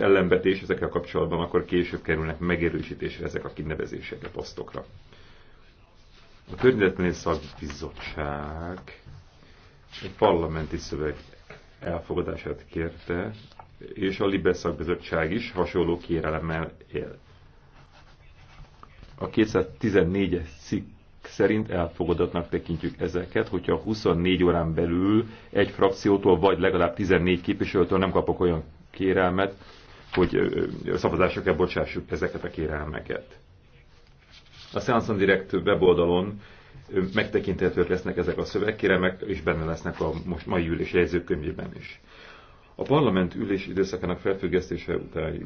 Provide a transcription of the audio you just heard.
ellenvetés ezekkel kapcsolatban, akkor később kerülnek megerősítésre ezek a kinevezések a posztokra. A Környezetmény Szakbizottság egy parlamenti szöveg elfogadását kérte, és a Libe Szakbizottság is hasonló kérelemmel él. A 214-es cikk szerint elfogadatnak tekintjük ezeket, hogyha 24 órán belül egy frakciótól vagy legalább 14 képviselőtől nem kapok olyan kérelmet, hogy szavazásra kell bocsássuk ezeket a kérelmeket. A Seanson Direct weboldalon megtekinthetők lesznek ezek a szövegkéremek, és benne lesznek a most mai ülés jegyzőkönyvében is. A parlament ülés időszakának felfüggesztése után